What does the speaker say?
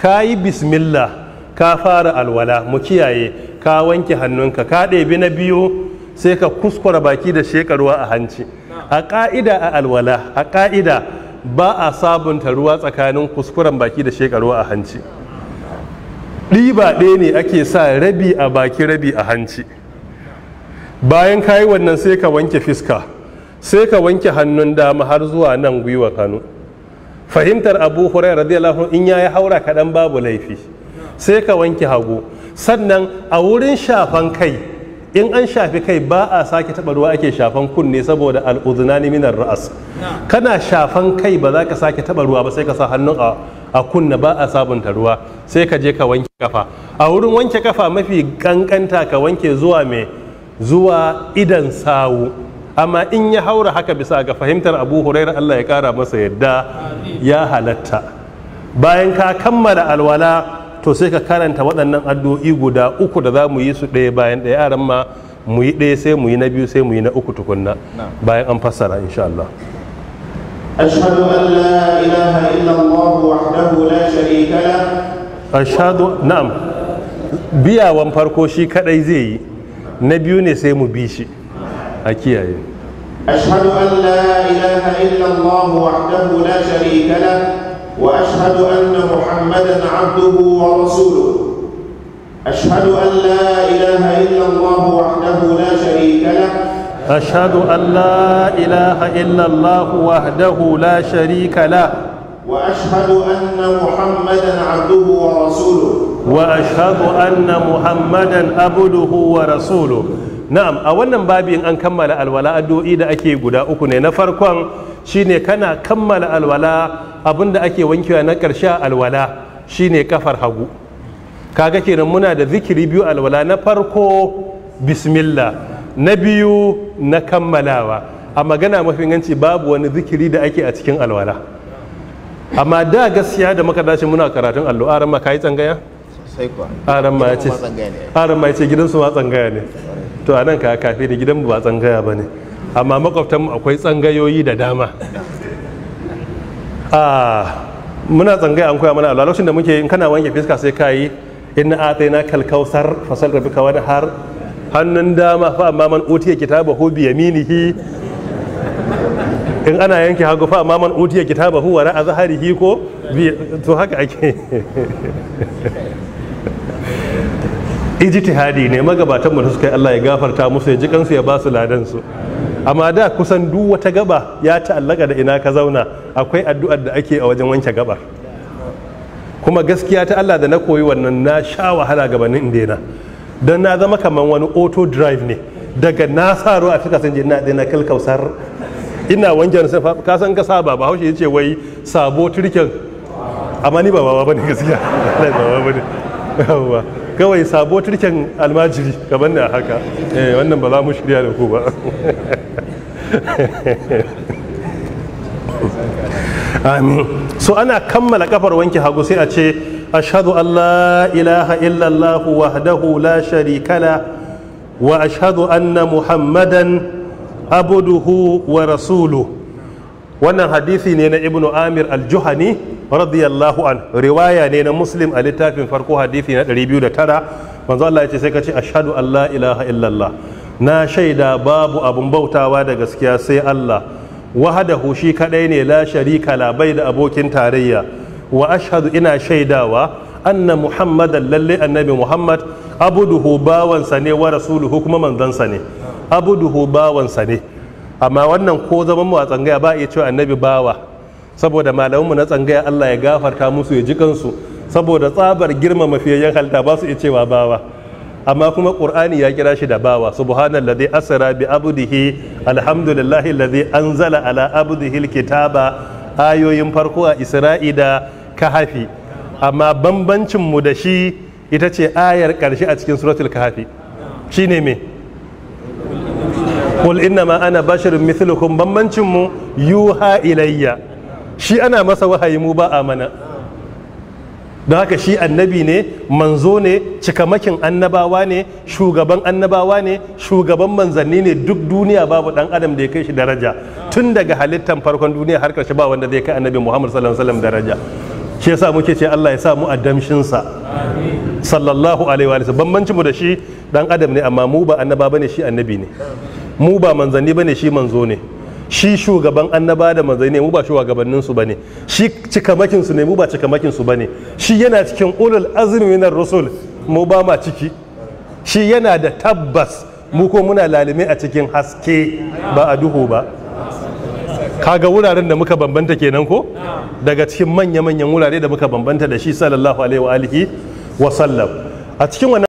ka yi bismillah ka fara alwala mu kiyaye ka wanke hannunka ka ɗebi na biyu sai ka kuskura baki da shekaruwa a hanci a ƙa'ida a alwala a ƙa'ida ba a sabunta ruwa tsakanin kuskuren baki da shekaruwa a hanci ɗiba ɗaya ne ake sa rabi a baki rabi a hanci bayan ka yi wannan sai ka wanke fiska sai ka wanke hannun dama har zuwa nan gwiwa Kano. fahimtar abu hurairar radiyallahu in ya yi haura kaɗan babu laifi sai ka wanke hagu sannan a wurin shafan kai in an shafi kai ba a sake taɓa ruwa ake shafan kunne saboda al'uzunani minar ra'as kana shafan kai ba za ka sake taɓa ruwa ba sai ka sa hannun a kunna ba a sabunta ruwa sai ka je ka wanke kafa a wurin wanke kafa mafi ƙanƙanta ka wanke zuwa mai zuwa idan sawu amma in ya haura haka bisa ga fahimtar abu hurairar allah ya kara masa yadda ya halatta bayan ka kammala alwala to sai ka karanta waɗannan addu'o'i guda uku da za mu yi su ɗaya bayan ɗaya yaran ma mu yi ɗaya sai mu yi na biyu sai mu yi na uku tukunna bayan an fassara insha Allah ashhadu an la ilaha wahdahu la sharika la ashhadu na'am biyawan farko shi kadai zai yi na biyu ne sai mu bi shi a kiyaye أشهد أن لا إله إلا الله وحده لا شريك له وأشهد أن محمدا عبده ورسوله أشهد أن لا إله إلا الله وحده لا شريك له أشهد أن لا إله إلا الله وحده لا شريك له وأشهد أن محمدا عبده ورسوله وأشهد أن محمدا عبده ورسوله na'am a wannan babi in an kammala alwala addu'o'i da ake guda uku ne na farkon shine kana kammala alwala abinda ake wankewa na karshe alwala shine kafar hagu kaga kenan muna da zikiri biyu alwala na farko bismillah na biyu na kammalawa a magana mafi inganci babu wani zikiri da ake a cikin alwala amma da gaskiya da muka dace muna karatun allo aran ma kayi tsangaya gidansu ma tsangaya ne to a nan ka kafe da gidanmu ba tsangaya ba ne amma makwabtanmu akwai tsangayoyi da dama ah, muna tsangaya an koya mana a lokacin da muke in kana wanke fiska sai ka yi in na atai na kalkausar fasal rabi kawai har hannun dama fa amma man utiya kitaba hu bi yaminihi in ana yanke hagu fa amma man utiya kitaba hu wa ra'a zaharihi ko to haka ake hadi ne magabatan mu suka yi Allah ya gafarta musu ya ji kansu ya ba su ladan su amma da kusan duk wata gaba ya ta'allaka da ina ka zauna akwai addu'ar da ake a wajen wanke gaba kuma gaskiya ta Allah da na koyi wannan na sha wahala gabanin daina don na zama kamar wani auto drive ne daga na a fika je na kalkausar ina wanke ka san ka ba haushe yace wai sabo turken amma ni ba baba ba baba bane kawai sabo turken almajiri gaban da haka eh, wannan ba za mu shirya da ku ba amin so ana kammala kafar wanke hagu sai a ce ashadu an la ilaha illallah wahdahu la sharika wa ashhadu anna muhammadan abuduhu wa rasulu. wannan hadisi ne na ibnu amir al-juhani radiyallahu an riwaya ne na muslim a littafin farko hadisi na 209 manzo Allah ya ce sai ka ce ashhadu an la ilaha illallah na shaida babu abun bautawa da gaskiya sai Allah wahadahu shi kadai ne la sharika la bai da abokin tarayya wa ashhadu ina shaidawa anna muhammadan lalle annabi muhammad abuduhu sa ne wa rasuluhu kuma manzansa ne abuduhu sa ne amma wannan ko zaman mu a tsangaya ba iya cewa annabi bawa saboda malamanmu na tsangaya Allah ya gafarta musu ya ji kansu saboda tsabar girmama fiyayyen halta ba su iya cewa bawa amma kuma qur'ani ya kira shi da bawa subhanallazi asra bi abdihi alhamdulillahi allazi anzala ala abdihi alkitaba ayoyin farko a isra'i da kahafi amma bambancin mu da shi ita ce ayar karshe a cikin suratul kahafi shine me qul inna ma ana basharun mithlukum bambancin mu yuha ilayya shi ana masa wahayi mu ba a mana don haka shi annabi ne manzo ne cikamakin annabawa ne shugaban annabawa ne shugaban manzanni ne duk duniya babu dan adam da ya kai shi daraja tun daga halittan farkon duniya har karshe ba wanda zai kai annabi muhammad sallallahu alaihi wasallam daraja shi yasa muke ce Allah ya sa mu a damshin sa sallallahu alaihi wa sallam bambancin mu da shi dan adam ne amma mu ba annaba bane shi annabi ne mu ba manzanni bane shi manzo ne shi shugaban annaba da manzai ne mu ba shugabannin su bane shi cikamakin su ne mu ba cikamakin su bane shi yana cikin ulul azmi na rasul mu ba ma ciki shi yana da tabbas mu ko muna lalime a cikin haske ba a duhu ba kaga wuraren da muka bambanta kenan ko daga cikin manya-manyan wurare da muka bambanta da shi sallallahu alaihi wa alihi wa sallam a cikin